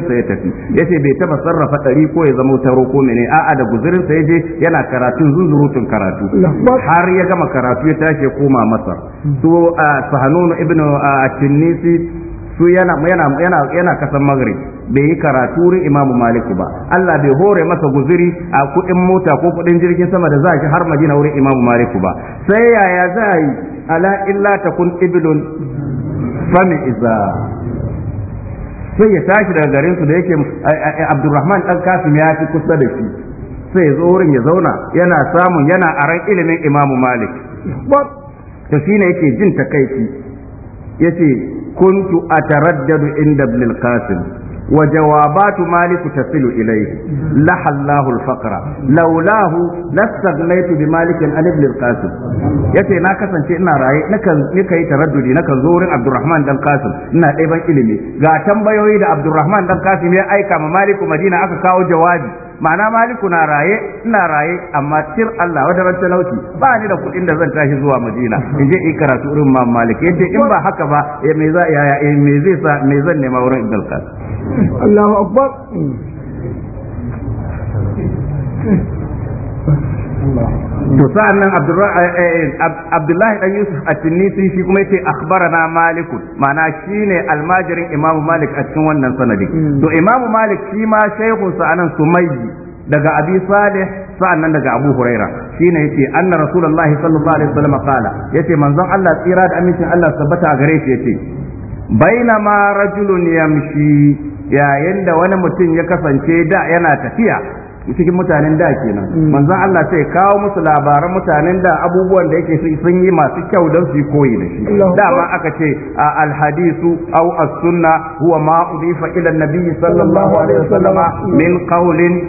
sa ya tafi yace bai taba sarrafa dari ko ya zama taro ko mene a'a da guzurin sa je yana karatun zuzurutun karatu har ya gama karatu ya tashi koma masar to sahanun ibnu at-tinisi su yana yana yana yana kasan magrib bai yi karatu ri imamu malik ba Allah bai hore masa guziri a kuɗin mota ko kuɗin jirgin sama da za shi har madina wurin imam malik ba sai yaya za yi ala illa takun iblun fami iza sai ya tashi daga garin su da yake Abdulrahman dan Kasim ya fi kusa da shi sai ya zo wurin ya zauna yana samun yana aran ilimin Imam Malik to shine yake jin takaici yace kuntu ataraddadu inda Ibn al وجوابات مالك تصل إليه لح الله الفقر لولاه لاستغنيت بمالك عن ابن القاسم yace na kasance ina raye nakan nika yi taraddudi nakan zo wurin Abdurrahman dan Qasim ina ɗaiban ilimi ga tambayoyi da Abdulrahman dan Qasim ya aika ma Maliku Madina aka kawo jawabi ma'ana Maliku na raye ina raye amma tir Allah wata ran talauci ba ni da kuɗin da zan tashi zuwa Madina in je in karatu wurin Imam Malik yace in ba haka ba eh, me za eh, zai sa me zan nema wurin Ibn Qasim Allahu akbar to sa'an nan eh, eh, abdullahi dan yusuf a tunisi shi kuma yace akhbarana malik ma'ana shine almajirin imamu malik a cikin wannan sanadin hmm. to imamu malik shi ma shaykhun sa'anan sumayyi daga abi salih sa'an nan daga abu huraira shine yace anna rasulullahi sallallahu alaihi wasallam qala yace manzon Allah tsira da amincin Allah sabbata a gare shi yace bainama rajulun yamshi yayin da wani mutum ya kasance da yana tafiya cikin mutanen da kenan mm. manzon Allah sai kawo musu labaran mutanen da abubuwan da yake sun yi masu kyau don su koyi da shi ma aka ce a alhadisu au as-sunna huwa ma udifa ila nabi sallallahu alaihi wasallama min qawlin